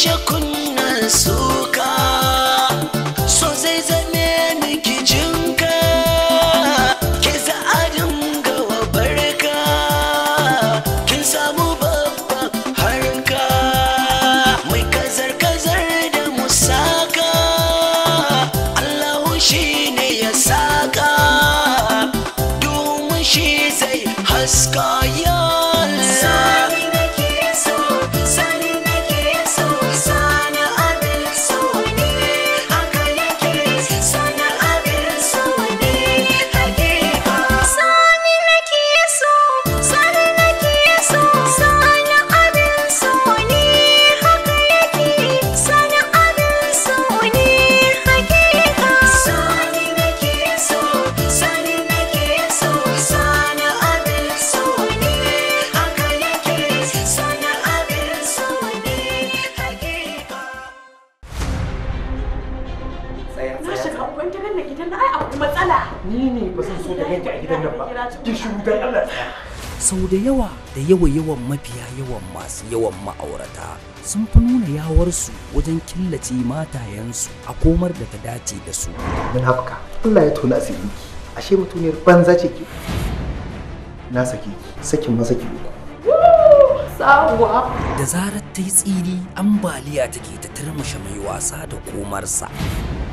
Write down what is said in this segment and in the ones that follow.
شكن dan Allah sau da yawa da yawa yawan mafiya yawan masu yawan ma'aurata sun fi nuna yawarsu wajen killace matayensu a komar da ta dace da su Mun munafuka Allah ya tona su ki ashe mutuniyar banza ce ke? na saki sakin maza ki uku da zarar ta yi tsiri ambaliya take ta turmushe mai wasa da komarsa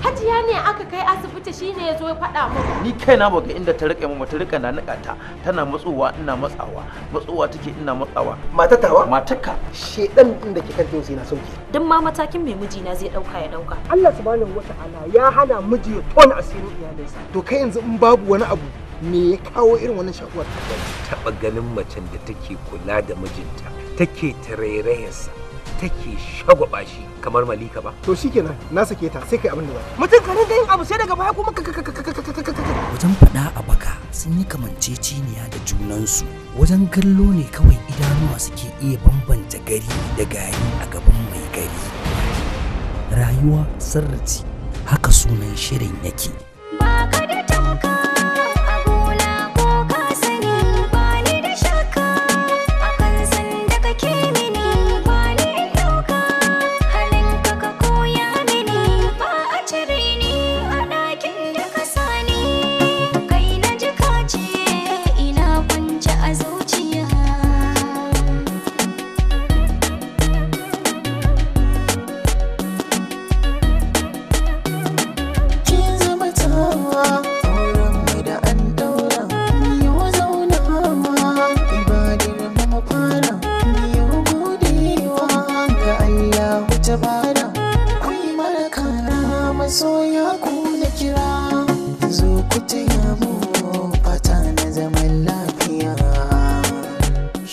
hajiya ne aka kai asibiti shine ya zo ya faɗa mu ni kai na ga inda ta rike mu ta rika na nika ta tana matsowa ina matsawa matsowa take ina matsawa matatawa matarka shedan din da ke kan tosi na sauke duk ma matakin mai miji na zai dauka ya dauka Allah subhanahu wata'ala ya hana miji ya tona asirin iyalinsa to kai yanzu in babu wani abu me ya kawo irin wannan shakuwar taɓa ganin macen da take kula da mijinta take tarairayarsa take shagwaba shi kamar malika ba to shikenan na sake ta sai kai abin da za mutum ka rinka yin abu sai daga baya kuma wajen fada a baka sun yi kamanceceniya da junansu wajen gallo ne kawai idanuwa suke iya bambanta gari da gari a gaban mai gari rayuwa sarrati haka sunan shirin yake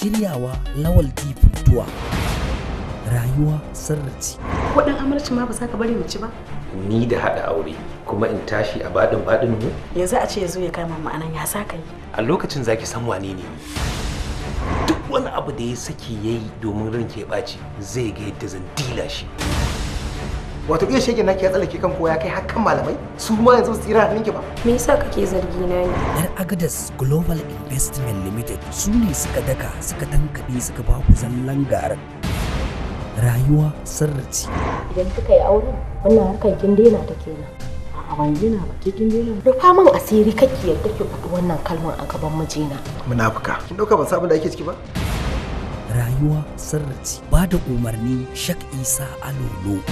shiryawa lawal funtuwa rayuwa sarrafi kuɗin amurci ma ba za ka bari mu ci ba ni da haɗa aure kuma in tashi a baɗin baɗin mu yanzu a ce ya zo ya kama mu ya sa ka yi a lokacin zaki san wane ne duk wani abu da ya saki yayi domin ranke ɓaci zai ga yadda zan dila shi wato iya shege naki ya tsallake kan koya kai hakan malamai su ma yanzu su tsira ninki ba me yasa kake zargi na ne yar agadas global investment limited su ne suka daka suka tankaɗe suka ba ku zallan garin rayuwa sirrici idan kika yi aure wannan harkar kin daina ta kenan a ban daina ba ke kin daina da faman asiri kake yadda ki faɗi wannan kalmar a gaban mijina munafuka kin dauka ban sabon da ake ciki ba rayuwa sirrici ba da umarni shak isa alolo